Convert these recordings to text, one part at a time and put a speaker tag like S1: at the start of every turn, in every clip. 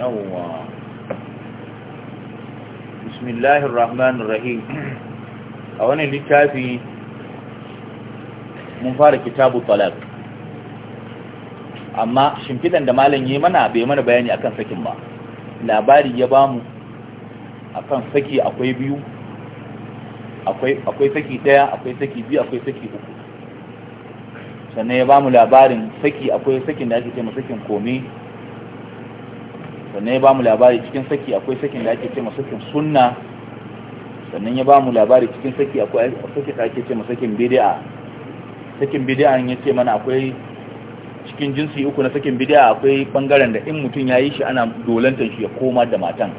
S1: yawwa bismillahir rahmanir rahim a wannan littafi mun fara kitabu talaq amma shimfidan da malam yayi mana bai mana bayani akan sakin ba labari ya bamu akan saki akwai biyu akwai akwai saki daya akwai saki biyu akwai saki uku sannan ya bamu labarin saki akwai sakin da ake ce sakin komai sannan ya ba mu labari cikin saki akwai sakin da ake ce ma sakin sunna sannan ya ba mu labari cikin saki akwai sakin da ake ce ma sakin bid'a sakin bid'a ya ce mana akwai cikin jinsi uku na sakin bid'a akwai bangaren da in mutum ya yi shi ana dolantar shi ya koma da matan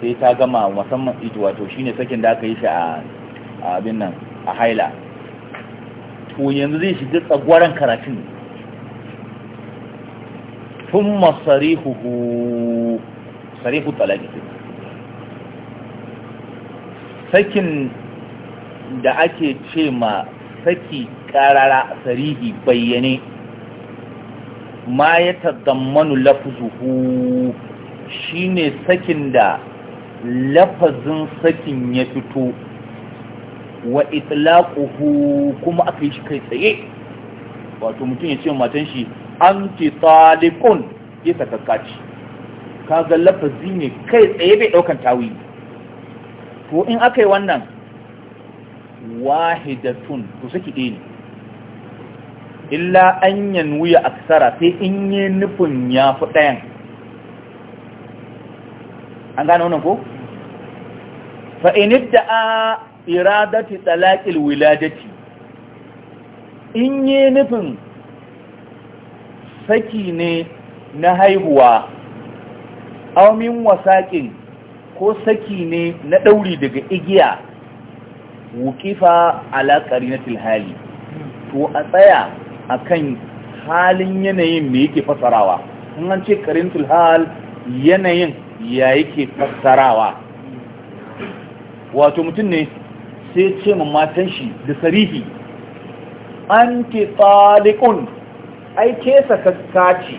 S1: sai ta gama musamman ita wato shine sakin da aka yi shi a abin nan a haila to yanzu zai shiga tsagwaran karatun ثم صريحه sarihu sakin da ake ce ma saki karara sarihi bayyane ma ya tadammanu lafzuhu shine sakin da lafazin sakin ya fito wa itlaquhu kuma aka yi shi kai tsaye wato mutum ya ce matan shi An ce taliqun ya Ka kaga lafazi ne kai tsaye bai daukan tawi to in aka yi wannan wahidatun to saki ɗaya ne illa an yanwuya aksara sai in yi nufin ya fi ɗayan an gane wannan ko? fa'inid da a iradati tsalaƙil wiladati in yi nufin saki ne na haihuwa aumin wasaƙin ko saki ne na ɗauri daga igiya wukifa alaƙari na tilhali to a tsaya a kan halin yanayin mai yake fasarawa in an ce ƙarin tilhal yanayin ya yake fassarawa wato mutum ne sai ce ma matan shi da sarihi an ke tsalikun ai sa ka ce.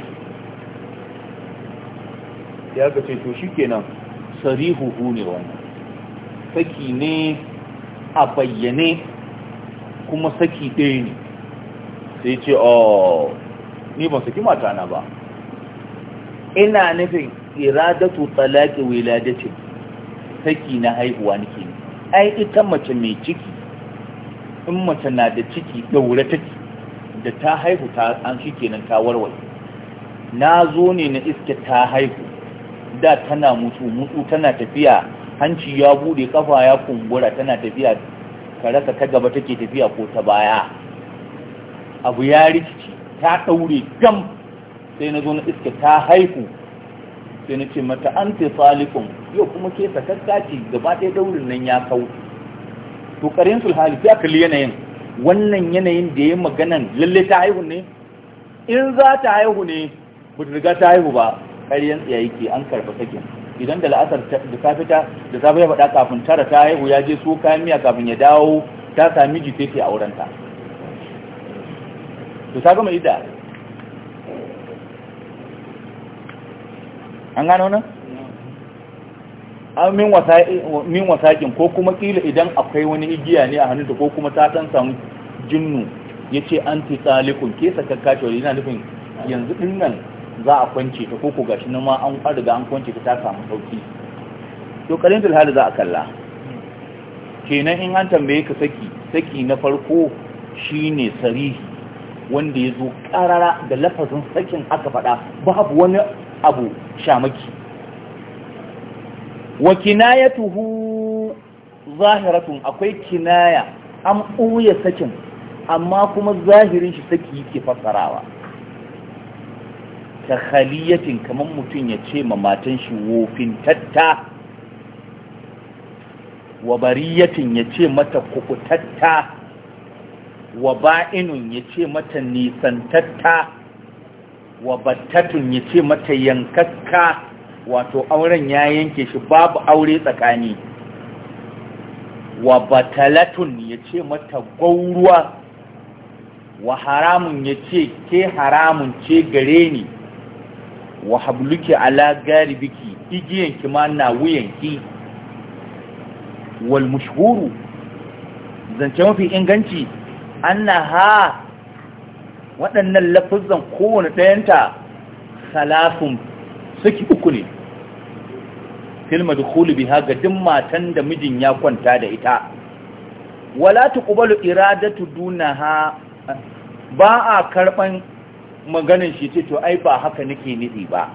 S1: ya ga ce to shi kenan sarihuhu ne wannan saki ne a bayyane kuma saki ɗaya ne sai ce oh ni ban saki matana ba ina nufin iradatu talaki wiladatin saki na haihuwa nake ai ita mace mai ciki in mace na da ciki daure take da ta haihu ta an shi kenan ta warware na zo ne na iske ta haihu da tana mutu mutu tana tafiya hanci ya bude kafa ya kumbura tana tafiya ka ta gaba take tafiya ko ta baya abu ya rikici ta daure gam sai na zo na iske ta haihu sai na ce mata an ce salikun yau kuma ke sakakka ce gaba ɗaya daurin nan ya kau to karin sulhali ya kalli yanayin wannan yanayin da ya maganan lalle ta haihu ne in za ta haihu ne ba ta riga ta haihu ba ƙaryen tsayayi ke, an karɓa sakin idan da la'asar da ta fita da safe ya faɗa kafin tara ta haihu ya je so kayan miya kafin ya dawo ta sami jike ke a wurinta to ta gama idda an gano nan an min wasaƙin ko kuma ƙila idan akwai wani igiya ne a hannunta ko kuma ta ɗan samu jinnu ya ce an ti tsalikun ke sa cewa yana nufin yanzu ɗin nan za a kwance ta ko ko gashi nan ma an da an kwance ta samu sauki to ƙarin za a kalla kenan in an tambaye ka saki saki na farko shi ne sarihi wanda ya zo ƙarara da lafazin sakin aka faɗa babu wani abu shamaki wa kinayatuhu zahiratun akwai kinaya an ɓuya sakin amma kuma zahirin shi saki yake fassarawa ta khaliyatin kamar mutum ya ce ma matan shi wofin tatta wa bariyatin ya ce mata kukutatta wa ba'inun ya ce mata nisantatta wa battatun ya ce mata yankakka wato auren ya yanke shi babu aure tsakani wa batalatun ya ce mata gwauruwa wa haramun ya ce ke haramun ce gare ni wa habluki ala garibiki igiyanki ma na wuyanki wal mashhuru zance mafi inganci ha waɗannan lafazan kowane ɗayanta salafin suki uku ne filma dukulu biha ga duk matan da mijin ya kwanta da ita wala tuqbalu iradatu dunaha ba a karban maganin shi ce to ai ba haka nake nufi ba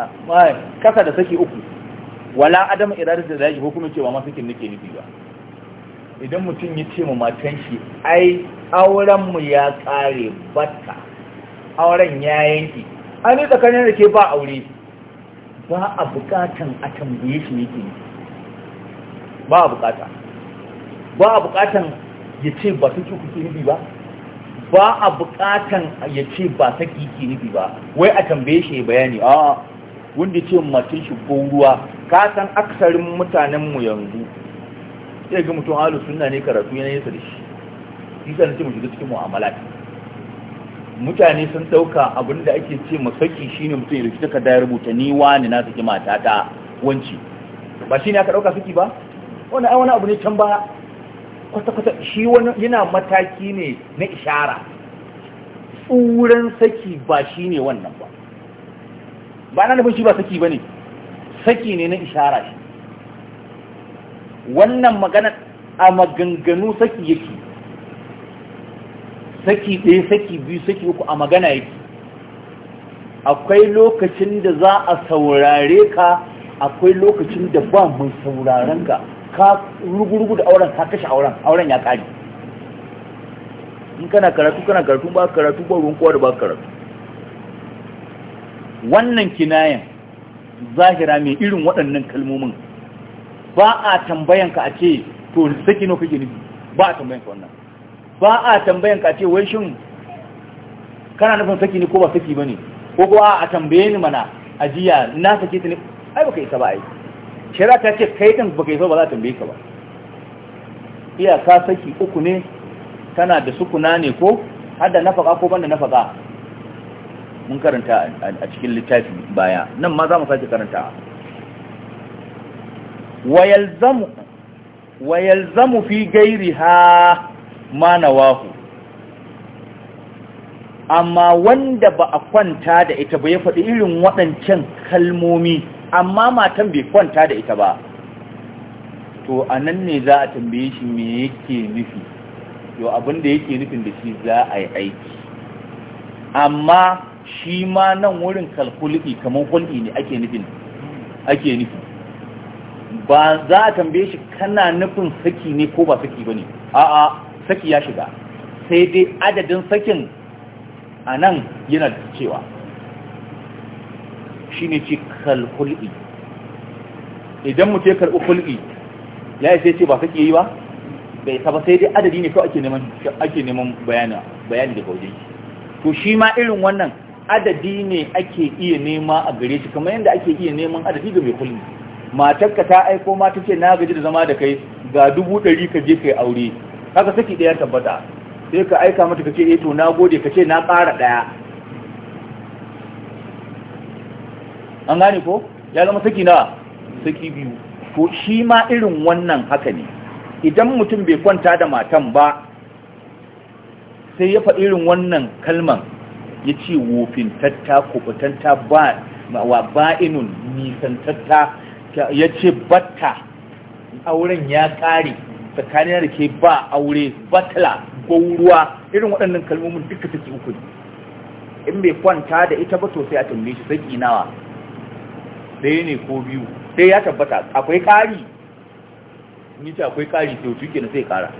S1: ah, Kaka da saki uku wala adam iradatu da ko kuma cewa ma sakin nake nufi ba idan mutum ya ce ma matan shi ai auren mu ya kare batta auren ya yanki an yi tsakanin da ke ba aure ba a bukatan a tambaye shi ne ba a bukata ba a bukatan ya ce ba ta ci kuke nufi ba ba a bukatan ya ce ba ta kiki nufi ba wai a tambaye shi ya bayani a wanda ce mace shi ko ruwa ka san aksarin mutanenmu yanzu sai ga mutum halu suna ne karatu yanayin sa da shi isa na ce mu shiga cikin mu'amala mutane sun ɗauka abin da ake ce masaki shine mutum ya rikita da ya rubuta ni wani na saki mata ta wanci ba shine aka ɗauka saki ba wani ai wani abu ne can ba kwata-kwata shi wani yana mataki ne na ishara tsuran saki ba shi ne wannan ba ba na nufin shi ba saki ba ne saki ne na ishara shi wannan magana a maganganu saki yake saki ɗaya saki biyu saki uku a magana yake akwai lokacin da za a saurare ka akwai lokacin da ba mai sauraren ka ka rugurugu da auren ka kashe auren auren ya kare in kana karatu kana karatu ba karatu ba ruwan kowa da ba karatu wannan kinayen zahira mai irin waɗannan kalmomin ba a tambayanka a ce to saki nawa gini ba a tambayanka wannan ba a tambayan ka ce wai shin kana nufin saki ne ko ba saki bane ko kuwa a tambaye ni mana ajiya na sake ta ne ai baka isa ba ai shari'a ta ce kai din baka isa ba za ta tambaye ka ba iyaka saki uku ne tana da sukuna ne ko har da nafaka ko banda nafaka mun karanta a cikin littafi baya nan ma za mu sake karanta wa yalzamu fi gairiha ma nawahu amma wanda ba a kwanta da ita ba ya faɗi irin waɗancan kalmomi amma matan bai kwanta da ita ba to a nan ne za a tambaye shi me yake nufi yau abinda yake nufin da shi za a yi aiki amma shi ma nan wurin kalkuliki kamar kulki ne ake nufin ake nufi ba za a tambaye shi kana nufin saki ne ko ba saki ba ne a'a saki ya shiga sai dai adadin sakin a nan yana cewa shi ne ci kalkul'i idan mutu ya karɓi kul'i ya yi sai ce ba saki yi ba bai saba sai dai adadi ne kawai ake neman bayani da kauje to shi ma irin wannan adadi ne ake iya nema a gare shi kamar yadda ake iya neman adadi ga mai kulli matarka ta aiko ma ce na gaji da zama da kai ga dubu ɗari ka je kai aure kaga saki daya tabbata sai ka aika mata kace eh to na gode kace na ƙara daya an gane ko ya zama saki na saki biyu to shi ma irin wannan haka ne idan mutum bai kwanta da matan ba sai ya faɗi irin wannan kalman ya ce wofin wofintatta kubutatta ba wa ba'inun nisantatta ya ce batta auren ya ƙare tsakaniya da ke ba aure batala gauruwa irin waɗannan kalmomin duka take uku in bai kwanta da ita ba to sai a tambaye shi sai nawa ɗaya ne ko biyu sai ya tabbata akwai ƙari ni ta akwai ƙari sai tuke na sai ƙara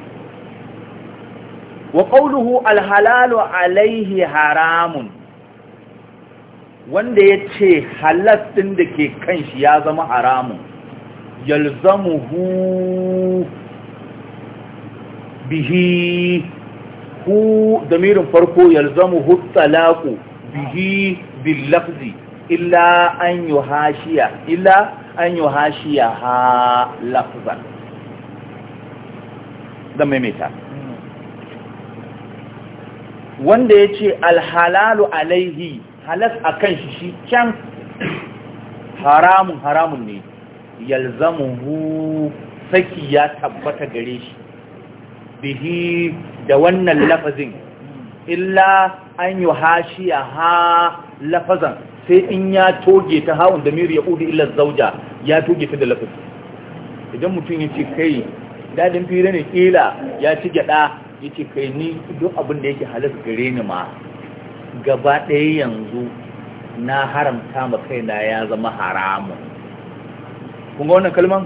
S1: wa qawluhu alhalalu alaihi haramun wanda ya ce halas ɗin da ke kan shi ya zama haramun yalzamuhu bihi hu damirin farko yalzamu hu talaku bihi bil lafzi illa an yuhashiya illa an yuhashiya ha lafzan da maimaita wanda ya ce alhalalu alaihi halas a kan shi shi can haramun haramun ne yalzamu hu saki ya tabbata gare shi bihi da wannan lafazin illa an yi hashiya ha lafazan sai in ya toge ta hawan da miri ya ƙudu illa zauja ya toge ta da lafazin idan mutum ya ce kai daɗin fira ne ƙila ya ci gyaɗa ya ce kai ni duk abin da yake halas gare ni ma gaba ɗaya yanzu na haramta ma kai na ya zama haramun kun ga wannan kalman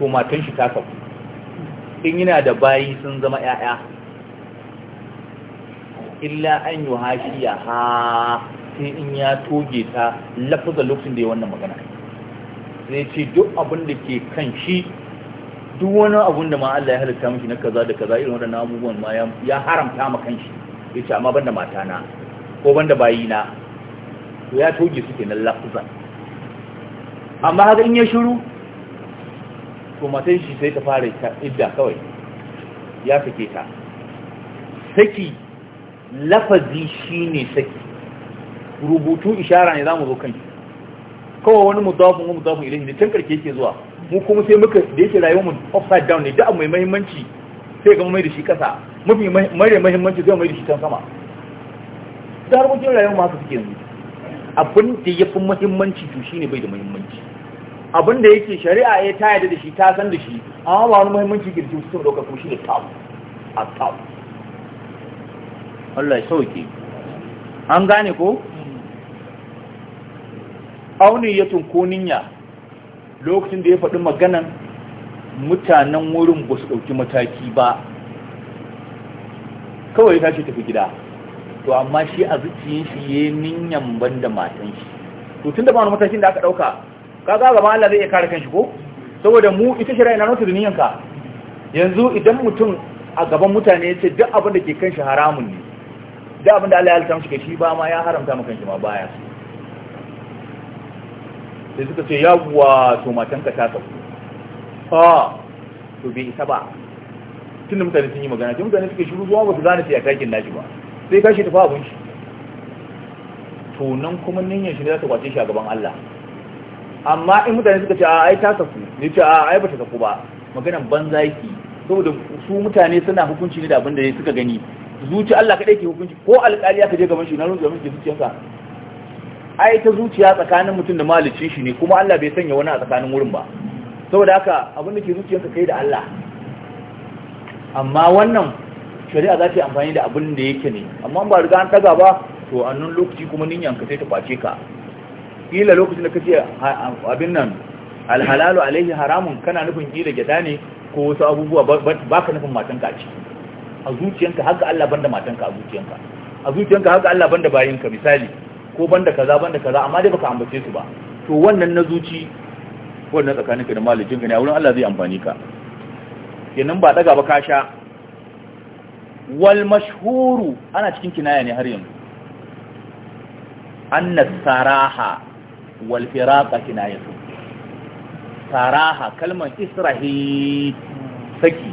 S1: ko matan shi ta kafu in yana da bayi sun zama ‘ya'ya illa an yi hashi ya ha sai in ya toge ta lafaza lokacin da ya wannan magana sai ce duk abin da ke kan shi duk wani abin da ma Allah ya halitta miki na kaza da kaza irin waɗannan abubuwan ma ya haramta ma kan shi ya ce amma banda na, ko banda na, to ya toge su ke nan amma haka in ya shiru to matan shi sai ta fara idda kawai ya sake ta saki lafazi shine saki rubutu ishara ne za mu zo kan shi kawai wani mutafin wani mutafin ilimin da can karke yake zuwa mu kuma sai muka da yake rayuwa mu upside down ne da mai mahimmanci sai ga mai da shi kasa mafi mare mahimmanci zai mai da shi can sama da harkokin rayuwa masu haka suke yanzu abin da ya fi mahimmanci to shine bai da mahimmanci abin da yake shari'a ya ta yadda da shi ta san da shi amma ba wani muhimmanci girki su ɗauka ko shi da tabu a tabu Allah ya sauke an gane ko auni ya tunko ninya lokacin da ya faɗi maganan mutanen wurin ba su ɗauki mataki ba kawai ta ce tafi gida to amma shi a zuciyin shi ya yi ninyan ban da matan shi to tun da ba wani matakin da aka ɗauka Ka kaga ma Allah zai iya kare kanshi ko saboda mu ita shari'a na nufin duniyanka yanzu idan mutum a gaban mutane ya ce duk abin da ke kan shi haramun ne duk abin da Allah ya halitta mishi kai shi ba ma ya haramta maka kanshi ma baya sai suka ce yawwa to matanka ta sauko. a to bai isa ba tunda mutane sun yi magana tun mutane suke shiru zuwa ba su gane sai a takin nashi ba sai kashi tafi abun shi to nan kuma ninyan shi ne za ta kwace shi a gaban Allah amma in mutane suka ce a ai ta saku ne ce a ai bata saku ba maganan banza yake saboda su mutane suna hukunci ne da abin da suka gani zuci Allah kadai ke hukunci ko alƙali aka je gaban shi na rungu gaban zuciyarsa ai ta zuciya tsakanin mutum da malicin shi ne kuma Allah bai sanya wani a tsakanin wurin ba saboda haka abin da ke zuciyarsa kai da Allah amma wannan shari'a za ta yi amfani da abin da yake ne amma ba riga an daga ba to nan lokaci kuma ninyanka sai ta kwace ka kila lokacin da kace abin nan alhalalu alaihi haramun kana nufin kila gida ne ko wasu abubuwa baka nufin matanka a ciki a zuciyanka haka Allah banda matanka a zuciyanka a zuciyanka haka Allah banda bayinka misali ko banda kaza banda kaza amma dai baka ambace su ba to wannan na zuci wannan tsakaninka da malikinka ne a wurin Allah zai amfani ka kenan ba daga ba ka sha wal mashhuru ana cikin kinaya ne har yanzu annas saraha wal firaqa kinayatu saraha kalmar israhi saki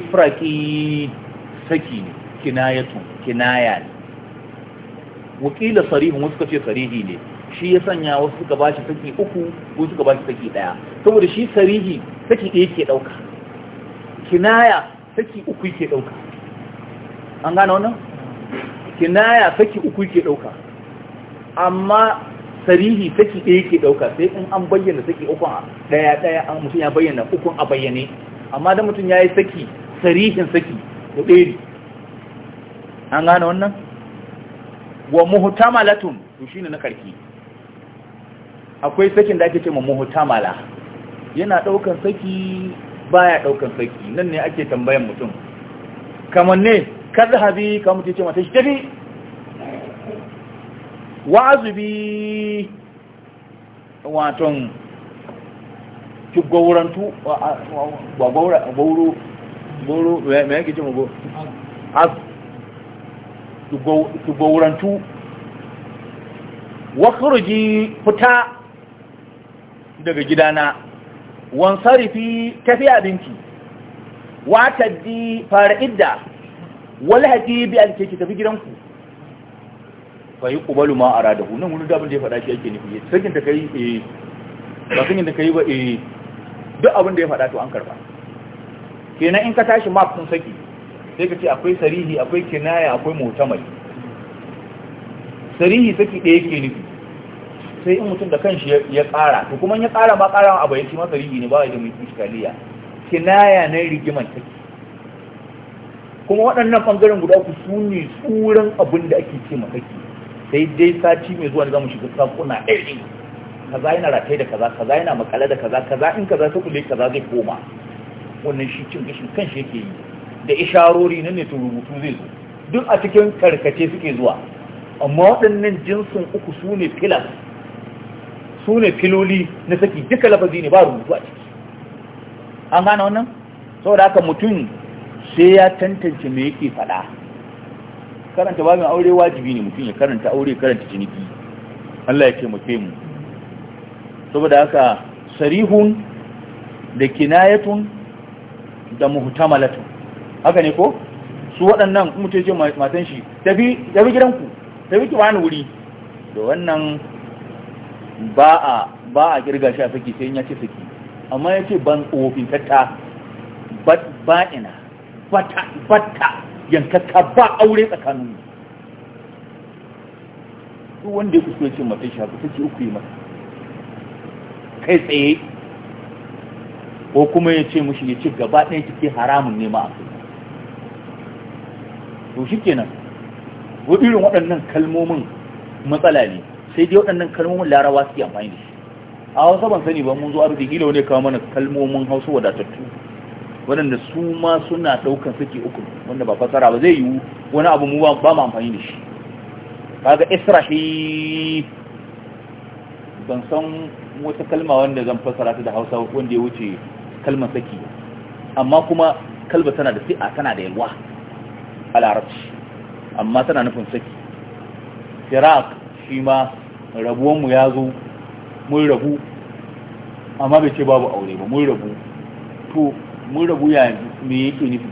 S1: ifraki saki kinayatu kinaya ne wakila sarihu wasu kace sarihi ne shi ya sanya wasu suka bashi saki uku wasu suka bashi saki daya saboda shi sarihi saki ɗaya ke ɗauka kinaya saki uku ke ɗauka an gane wannan kinaya saki uku ke ɗauka amma sarihi saki ɗaya ke ɗauka sai in an bayyana saki ukun ɗaya ɗaya an mutum ya bayyana ukun a bayyane amma da mutum ya yi saki sarihin saki da ɗaya an gane wannan wa muhutamalatun to shine na karki akwai sakin da ake ce ma muhtamala yana ɗaukan saki baya ɗaukan saki nan ne ake tambayan mutum kamar ne Kar da habi kamar ce ma ta shi tafi wazubi waton ki gaurantu wa gaura gauro gauro me yake ce mugo az ki gaurantu wa khurji fita daga gidana wan sarifi tafi abinci wa taddi fara idda wal hadi bi ki tafi gidanku fa yi kubalu ma a radahu nan wani dabin da ya faɗa shi ake nufi sakin ta kai eh ba sakin ta kai ba eh duk abin da ya faɗa to an karba kenan in ka tashi map sun saki sai ka ce akwai sarihi akwai kinaya akwai mutamali sarihi saki ɗaya ke nufi sai in mutum da kanshi ya ƙara to kuma ya ƙara ma ƙara abu ya ce ma sarihi ne ba ya da iskaliya kinaya na rigiman saki kuma waɗannan ɓangaren guda ku su ne tsoron abin da ake ce masaki sai dai sati mai zuwa da zamu shiga sakuna ɗari kaza yana ratai da kaza kaza yana makale da kaza kaza in kaza ta kulle kaza zai koma wannan shi cin gashin kan shi yake yi da isharori nan ne to rubutu zai zo duk a cikin karkace suke zuwa amma waɗannan jinsin uku su ne filas su ne filoli na saki duka lafazi ne ba rubutu a ciki an gane wannan saboda haka mutum sai ya tantance me yake faɗa karanta babin aure wajibi ne mutum ya karanta aure karanta ciniki Allah ya ce mu mu saboda haka sarihun da kinayatun da muhtamalatu haka ne ko su waɗannan mutum ce matan shi tafi tafi gidanku tafi ki bani wuri da wannan ba a ba kirga shi a saki sai ya ce saki amma ya ce ban tsofin tatta ba ba'ina bata bata yankakka ba aure tsakanin mu duk wanda ya kuskure ce mata shi haka take uku yi mata kai tsaye ko kuma ya ce mushi ya ce gaba ɗaya kike haramun ne ma a to shi kenan ko irin waɗannan kalmomin matsala ne sai dai waɗannan kalmomin larawa suke amfani da shi a wasu ban sani ba mun zo arziki ne kawo mana kalmomin hausa wadatattu waɗanda su ma suna ɗaukar saki uku wanda ba fasara ba zai yiwu wani abu mu ba mu amfani da shi kaga israhi ban san wata kalma wanda zan fasara ta da hausa wanda ya wuce kalmar saki amma kuma kalba tana da si'a tana da yalwa a larabci amma tana nufin saki firak shi ma rabuwanmu ya zo mun rabu amma bai ce babu aure ba mun rabu to mun rabu ya me yake nufi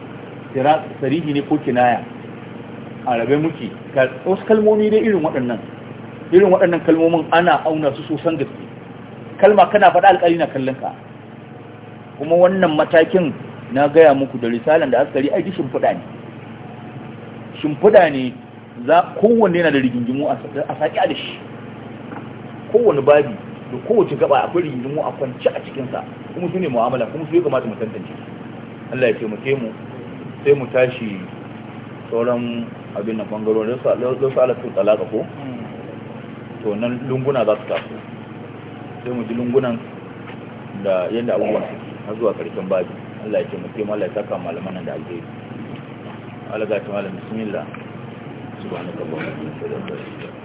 S1: sarihi ne ko kinaya a rabe muke wasu kalmomi dai irin waɗannan irin waɗannan kalmomin ana auna su sosan gaske kalma kana faɗa alƙali na kallon ka kuma wannan matakin na gaya muku da risalan da askari aiki shimfiɗa ne shimfiɗa ne za kowanne yana da rigingimu a saƙi a da shi babi to kowace gaba akwai rigingimu a kwance a cikinsa kuma su ne mu'amala kuma su yi kamata mu tantance Allah ya taimake mu sai mu tashi sauran abin na bangarorin da su ala su talaka ko to nan lunguna za su taso sai mu ji lungunan da yadda abubuwa su na zuwa karshen babi Allah ya taimake mu Allah ya saka malaman nan da alheri Allah ga ta malam bismillah subhanahu wa ta'ala